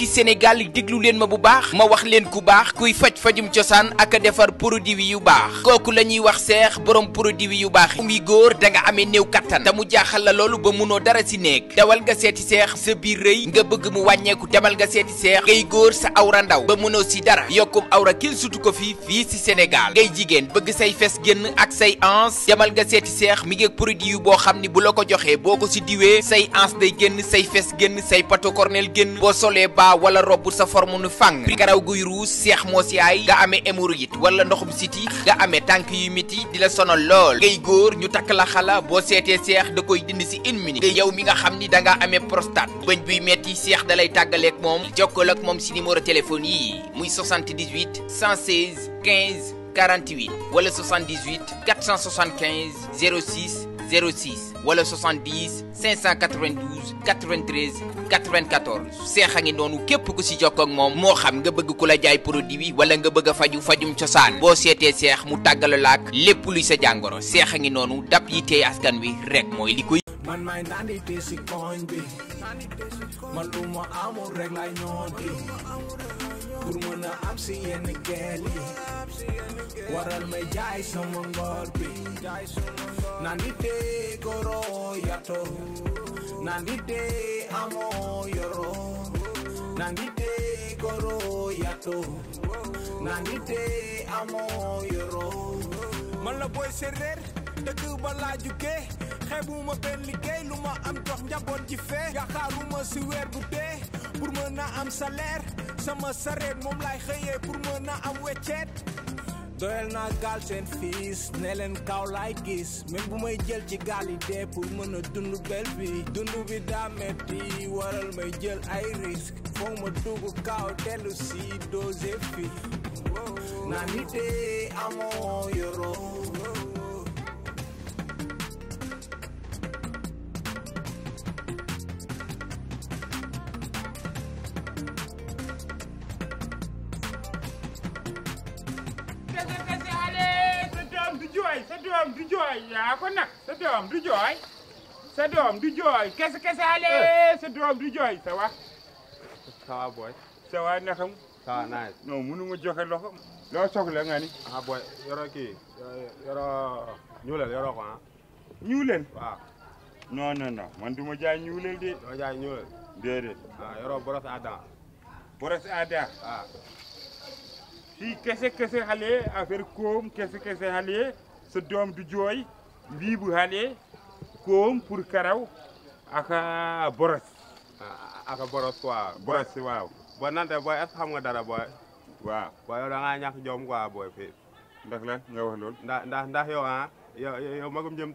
ki Sénégal déglu leen ma bu baax ma wax leen ku baax kuy faj fajum cosaan ak a defar produit yu baax kooku la ñuy wax seex borom produit yu baax muy góor da nga amee néew kattan te mu jaaxal la loolu ba mënoo dara si néeg dawal nga seeti seex sa biir rëy nga bëgg mu wàññeeku demal nga seeti seex ngay góor sa awra ndaw ba mënoo si dara yokkum awra kenn sutu ko fii fii si Sénégal ngay jigéen bëgg say fes génn ak say ans demal nga seeti seex mi ngi produit yu boo xam ni bu la ko joxee boo ko si diwee say ans day génn say fes génn say patokornel génn boo solee baa wala rob sa form nu fàng karaw guy ruus seex moo si aay nga amee hémorroïde wala ndoxum siti nga amee tànk yu miti di la sonal lool ngay góor ñu takk la xalaa boo seetee seex da koy dind si une minute yow mi nga xam ni dangaa amee prostate bëñ buy metti seex dalay tàggaleeg moom jokkal ak moom si numéro téléphone yii muy 78 116 15 48 wala 78 475 06 06 wala 70 592 93 94 seex a ngi noonu képp ku si jokkoo ak moom moo xam nga bëgg ku la jaay produit bi wala nga bëgg a faju fajum cosaan boo seetee seex mu la ak lépp luy sa jàngoro seex a ngi noonu dab yi tey askan wi rek mooy li koy Man may nani tesi kondi Man luma amu regla nyodi Pour mëna en si Waral me jaay sama ngor bi Nandite goro yato Nandite amo yoro Nandite goro yato Nandite amo yoro Man la boy serer dëkk ba laa jugee xeebuma benn liggéey lu ma am jox njaboot ji fee yaakaaruma si weer bu dee pour mën a am salaire sama sareet moom lay xëyee pour mën a am wecceet doyal naa gaal seen fiis ne kaw laay gis même bu may jël ci gaal yi dee pour mën a dund bel bi dund bi daa metti waral may jël ay risque foog ma dugg kaw dellu si dose fi naa nitee amoo yoroo doom du jooy yaa ko nag sa doom du jooy sa doom du jooy kese kese ale eh. sa doom du jooy ça va. ça va booy. ça va naka mu. ça va naaj. non mënu ma joxe loxo. loo soxla nga ni. ah ko ah. ñuuleel. waaw. non non non man du ma jaay ñuuleel de. doo jaay ñuuleel. déedéet. boros adan. boros adan. fii kese kese xale affaire koom kese kese xale. so doom du jooy mbiibu halee koom pour karaw aka boros ah, aka boros quoi boros waaw bo nante booy est-ce que xam nga dara booy waaw booy yow da ngaa ñàkk jom quoi booy fii ndax lan nga wax loolu ndax ndax ndax yow ah magum jëm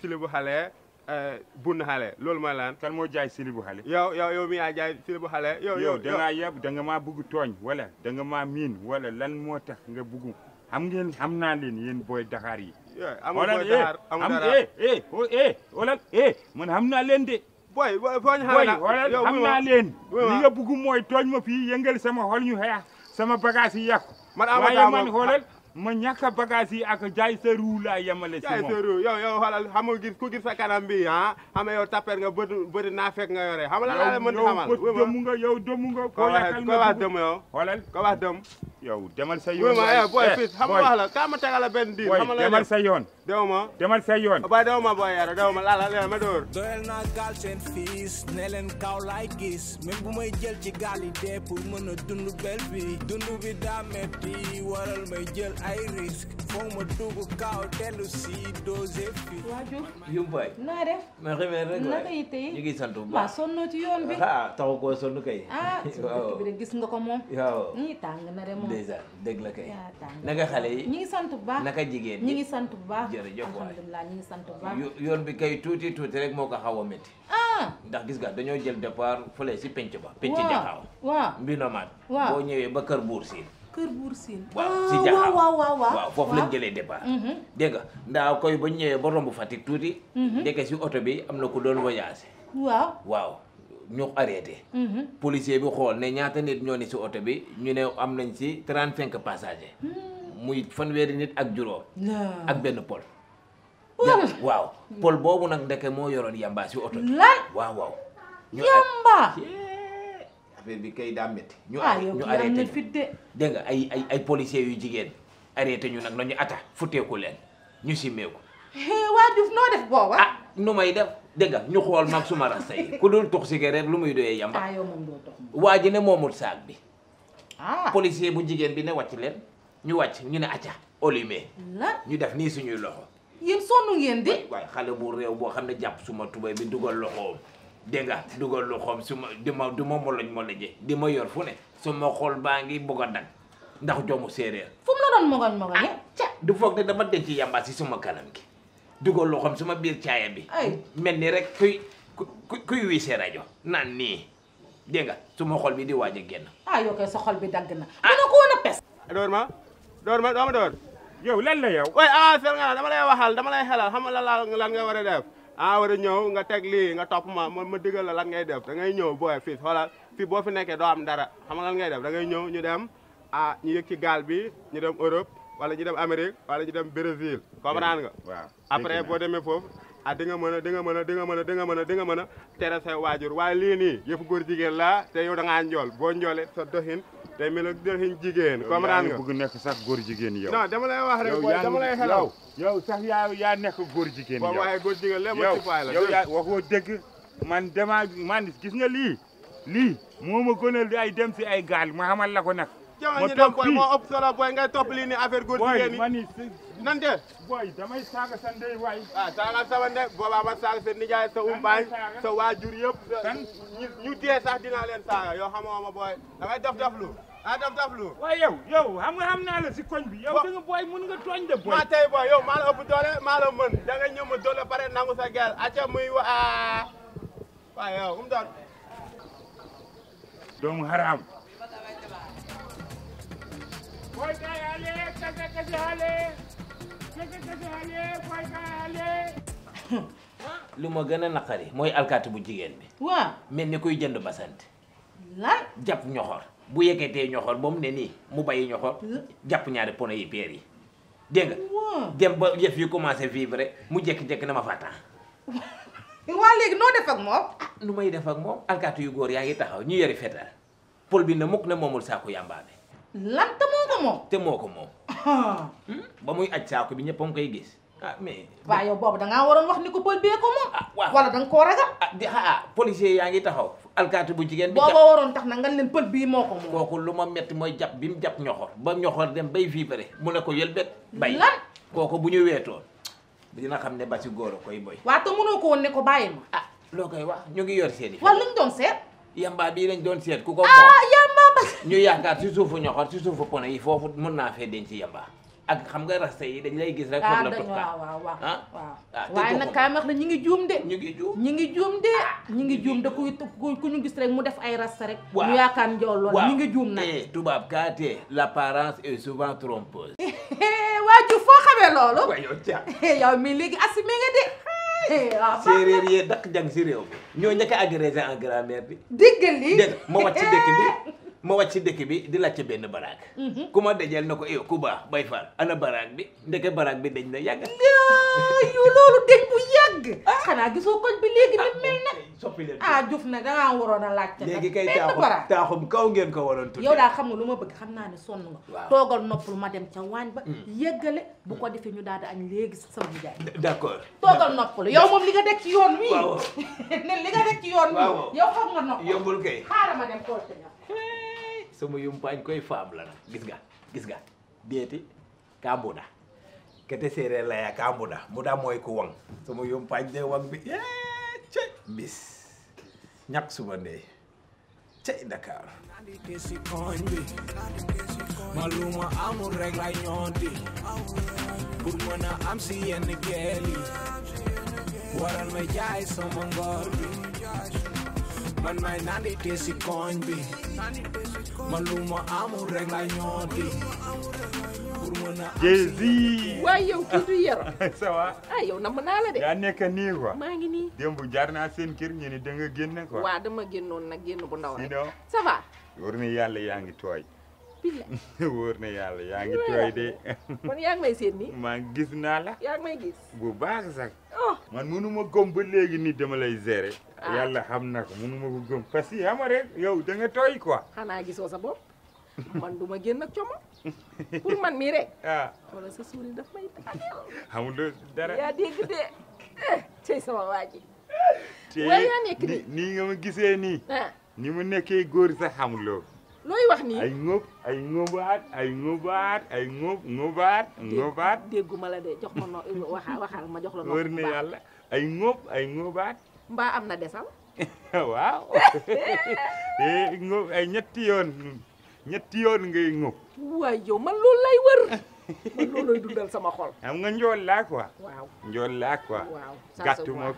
silibu xale eh, bun xale loolu mooy lan kan moo jaay silibu xale yow yow mi yaa silibu xale yow yow da maa bugg tooñ wala da nga maa miin wala lan moo tax nga bugg xam ngeen xam naa leen yéen booy Dakar yi. Eh, amul booy eh, Dakar amul dara eh, naa leen de. booy booy foo naa leen. li nga bëgg mooy tooñ ma fii yëngal sama xol yu xeex sama bagage yi yàqu. man amataa ma ñàkk bagage yi ak jaay sa ruu laa yemale si moom sa ruu yow yow xalal xam nga gis ku gis sa kanam bi ha ah? xama yow tapet nga bët bët naa fekk nga yore xam nga la mën di xamal yow dëmu nga yow dem nga ko yakal ko wax dem yow xoolal ko wax dem yow demal sa yoon eh, eh, ma boy fils xam wax la ka ma tagal ben di diir xam nga demal sa yoon dewma demal sa yoon ba dewma boy yara dewma la la leen ma door doyel na gal sen fils ne len kaw lay gis même bu may jël ci gal yi dé pour mën dundu bel bi dundu bi da metti waral may jël ay risque foo ma dugg kaw dellu si dosé naa de ma xamee ah, rek naka yi tey ñu ngi sant bu baax ci yoon bi ah taxu koo sonn kay ah ci dëkk gis nga ko moom waaw ñii tàng na de moom dèjà dëgg la kay naka xale yi ñi ngi sant bu baax naka jigéen ñi ngi sant bu baax jërëjëf waay alhamdulilah sant bu baax yoon bi kay tuuti tuuti rek moo ko xaw a métti ndax gis nga dañoo jël départ fële si penc ba penc jaxaaw waaw mbi boo ñëwee ba kër buur siin kër ah, mhm. mhm. wow wow wow wow wow waaw waaw waaw foofu lañ jëlee départ dégg nga ndaa koy ba ñëwee ba romb Fatick wow wow si oto bi am na ku doon voyage waaw waaw ñu arrêté policier bi xool ne ñaata nit ñoo ni wow oto bi ñu ne am nañ si trente wow passagers hmm. muy fanweeri nit ak juróom ak benn pol waaw ya, pol boobu nag ndeke moo yoroon yamba si oto waaw waaw yamba affaire bi kay daa métti. ñu ah, arrêté ñu dégg nga ay ay ay yu jigéen arrêté ñu nag nañu ata futeeku leen ñu simmeeku. Eh, waa Diouf noo def booba. ah nu may def dégg ñu xool mag suma rasta yi ku dul tux cigarette lu muy doyee yamba. ah yow moom doo tux waa ji ne moomul saag bi. ah policier bu jigéen bi ne wacc leen ñu wàcc ñu ne ata allumé. la ñu def nii suñuy loxo. yéen sonnu ngeen di. waay xale bu réew boo xam ne jàpp suma tubay bi dugal loxoom. dégg nga dugal lu xoom su ma di ma du moloñ moloñee di ma yor fu ne su ma xool baa ngi bëgg a dagg ndax joomu séeréer. fu mu la doon mogoñ ah, du foog dama denc yamba si suma kanam gi dugal lu xoom suma biir caaya bi. ay mel rek kuy kuy kuy wiise rajo naan nii dégg nga suma xol di waaj a génn. ah yow sa xol bi dagg na. ah dina ko woon a pes. door lan la yow. waaye ah sel nga dama lay waxal dama lay xelal xam nga lan nga war a def. ah war a ñëw nga teg lii nga topp ma ma ma digal la lan ngay def da ngay ñëw booy fii xoolal fii boo fi nekkee doo am dara xam nga lan ngay def da ngay ñëw ñu dem ah ñu yëg ci gaal bi ñu dem Europe wala ñu dem Amérique walla ñu dem Brésil comprendre nga waaw après boo demee foofu ah di mën a di nga mën a di nga mën a di nga mën a di mën a tere sa waajur waaye lii ni yëfu góor jigéen la te yow da ngaa njool boo njoolee sa doxin day mel ne jigéen. comprendre nga bëgg nekk sax góor jigéen yow. non dama lay wax rek booy dama lay xelaw yow sax yaa yaa nekk góor jigéen yow. waaye góor jigéen lépp ci faay la yow yaa waxoo man dama man gis nga lii lii moo ma ay dem ay gaal ma xamal la ko nag. ma topp fii moo solo booy ngay topp lii nii góor jigéen yi. man booy damay saaga sa ndey waay. Ah, saaga sama ndey boobaa saaga sa nijaay sa umbaañ sa waajur yëpp. ñu dee sax dinaa saaga yoo xamoo booy damay dof dof lu adam daf lu waaye yow yow xam nga xam na la si koñ bi yow da nga boy mën nga toñ de boy. ma tay boy yow ma la ëpp doole ma la mën da nga ñëw ma doole pare nangu sa gal muy wa wa yow um haram booy kaay ale kase kase ale kase kase ale boy ka ale lu ma gëna a naqari mooy alkaati bu bi wa melni kuy jënd basante lan ñoxor bu yëkkatee ñoxor ba mu ne nii mu bàyyi ñoxor jàpp ñaari pono yi peer yi dégg dem ba yëf yi commencé vivre mu jékki-jékki na ma fàttan waa léegi noo def ak moom ah, nu may def ak moom alkaatu yu góor yaa ngi taxaw ñu yori fetal pol bi ne mukk ne moomul saako yàmbaa bi lan te moo ko te moo hmm? ba muy bi gis ah mais wax ni ko pol ko ah, wala ah, ah taxaw alkaati bu jigéen bi booba waroon tax na nga leen pël bii moo ko moom kooku lu ma metti mooy jàpp bi mu jàpp ñoxor ba ñoxor dem bay fii vivre mu ne ko yëlbet bay lan kooku bu ñu weetoon dina xam ne ba si góor a koy boy waaw te mënoo ko woon ne ko bàyyi ma ah loo koy wax ñu ngi yor seen i wala luñ doon seet yamba bii lañ doon seet ku ko ah yamba ba ñu yaakaar si suufu ñoxor si suufu pone yi foofu mën naa fee denc yamba ak xam nga rasta yi dañ lay gis rek. Ah, foog la toog waaw waaw waaw ah? Ah, waaye nag kaay ma wax ñu ngi juum de. ñu ngi juum ñu ngi juum de. ñu ngi juum de ku ku ñu gis rek mu def ay rasta rek. waaw ñu yaakaar njool lool ñu ngi juum nag. eh tubaab kaatee l'apparence est souvent trompeuse. Eh, eh, waa ju foo xamee loolu. waaw eh, mii léegi assumé nga de. séeréer yee dakk jàng si réew ñoo ñaka agrégé en grammaire bi. dégg lii bi. ma wàcc ci dëkk bi di laajte benn baraag mhm. ku ma dajal na ko yow eh, ku baax bay faal ana baraag bi ndeke baraag bi dañ na yàgg yo loolu dañ bu yàgg ah. xanaa gisoo koñ bi léegi ni ah, mel na soppi ah Diouf nag dangaa waroon a laajte léegi kay taaxum taaxum kaw ngeen ko waroon tudd yow daal xam nga lu ma bëgg xam naa ni sonn nga toogal noppul ma dem ca waañ ba mm. yëggale bu ko mm. defee ñu daal di añ léegi sama nijaay d'accord toogal noppul yow moom li nga def ci yoon wi ne li nga def yow xam nga noppul sama yumpaañ koy fam la nak gis nga gis nga deeti kambuda kete séeréer laya kambuda muda moy ku wang sama yumpaañ de wang bi ye ya, che bis ñak suba ne che dakar maluma amul rek lay ñonti pour mën am si yenn geel waral may jaay sama ngor bi man may nandi te si koñ bi man lu ma amul rek la ñooti pour waaye yow yero. ça va. ah yow de. yaa nekk nii quoi. maa ngi jaar naa seen kër ñu ne da nga génn quoi. waaw dama génnoon nag génn bu ndaw rek. ça va. war yaa ngi tooy. wóor na yàlla yaa ngi tooy de. kon yaa ngi may seet nii. gis naa la. yaa ngi bu baax sax. Oh. man mënu ma gëm ba léegi nii dama lay gérer. Ah. yàlla xam na ko mënu ma ko gëm parce que xam yow da nga tooy quoi. xanaa gisoo sa bopp. man du ma génn ak coomo man mii rek. ah sa suul daf may taal. xamul dara yaa dégg eh, nga ma gisee nii. Ah. ni mu nekkee góor sax xamuloo. looy wax nii ay ngóob ay ngóobaat ay ngóobaat ay ngóob ngóobaat ngóobaat dégguma la de jox ma no waxa ma jox la no wër na yàlla ay ngóob ay ngóobaat mba am na desal waaw eh, ngóob ay ñetti yoon ñetti yoon ngay ngóob waay yow man man loolooy dundal sama xol. xam nga njool laa quoi. njool laa quoi. waaw gàttuma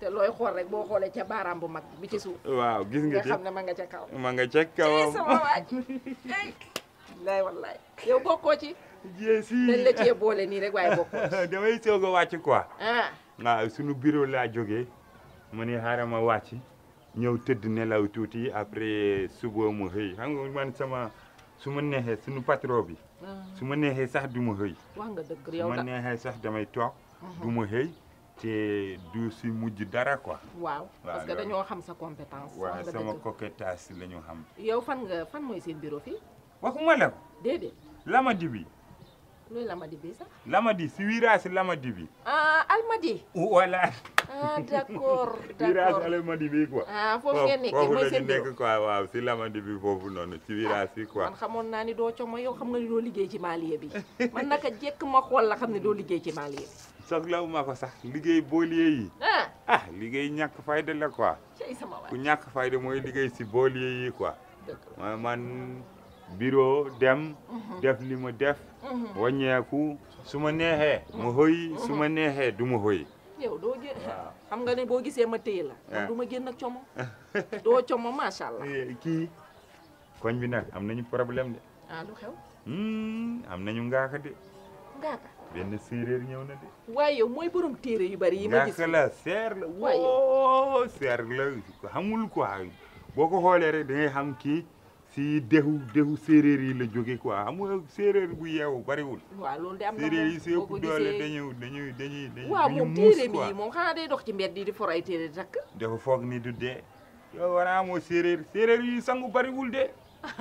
te looy xool rek boo xoolee ca baaraam bu mag bi ci waaw gis nga ci nga xam ne ma nga ca kaw. ma nga ca kawam sama waaj. lay wallaay yow bokkoo ci. jee ah. laa jógee ma wàcc ñëw tëdd nelaw après suba man sama su ma sunu patron bi. su ma neexee sax du ma xëy. wax nga dëgg yow su ma neexee sax damay toog. Mhm. du ma xëy te du si mujj dara ko waaw parce dañoo xam sa compétence. waaw sama coquettage la ñu xam. yow fan nga fan mooy seen bureau fii. waxuma la ko. déedéet. Lamadi bi. luy Lamadi bi sax. Lamadi si wiiraasi Lamadi bi. ah Almadi. voilà. ah d' accord d' accord virage ah, foofu waaw si Almadies bi foofu noonu ci virage yi quoi. man xamoon naa ni doo coomo yow xam nga ni doo liggéey ci Maliya bi man naka jekk ma xool la xam ne doo liggéey ci Maliya bi. soxlawu ma ko sax liggéey boolier ah. ah liggéey ñàkk fayda la quoi. ku ñàkk fayda mooy liggéey si boolier yi quoi. man bureau dem. Mhm. def li ma def. Mhm. wàññeeku su ma neexee. ma xëy mhm. su ma neexee du ma xëy. yow doo génn xam nga ne boo gisee ma téye la. Eh. ma génn ak como doo como macha allah. Eh, koñ bi nag am nañu problème de. ah lu xew. Hmm, am nañu ngaaka de. ngaaka benn séeréer ñëw na de. waaye yow mooy borom téere yu bari yi ma gis. ngaaka la seer la woo seer la xamul quoi boo ko xoolee rek da ngay xam kii. si dexu dexu séeréer yi la jóge quoi xam nga bu yewu bariwul. waaw loolu de am yi séeréer bu doole dañuy dañuy dañuy. dañuy muus quoi waaw moom téere bi moom xanaa day dox ci mbedd yi di for ay téere takk. dafa foog ni du de yow war naa amoo séeréer séeréer yi sangu bariwul de.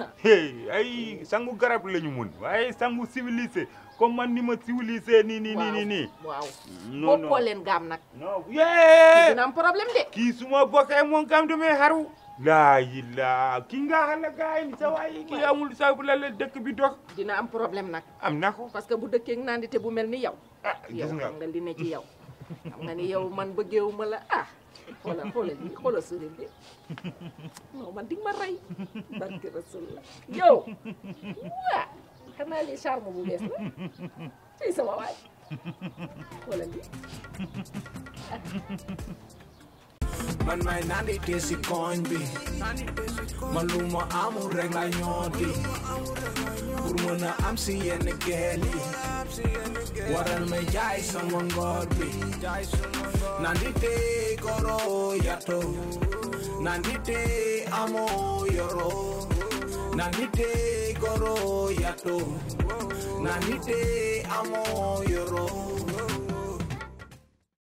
ay sangu garab la ñu waaye sangu civilisé comme man ni ma civilisé nii nii ni nii nii. waaw gaam nag. non su ma bokkee moom gaam damay xaru. laa yi laa kii nga xam ne gars yi kii amul sa bu la la dëkk bi dox. dina am problème nag. am na ko parce que bu dëkkee naan te bu mel ni yaw ah gis nga yow nga li ne ci yow. xam nga ni yow man bëggeewu ma la ah xoolal xoolal bi xoolal sëriñ bi non ma rey barke rasulullah bu Man may nani tesi konbi Maluma amu regla nyodi Kurmuna amsi si yene geli me jai samang gorbi Nandi te koro yato Nandi te amo yoro Nandi te koro yato Nandi te amo yoro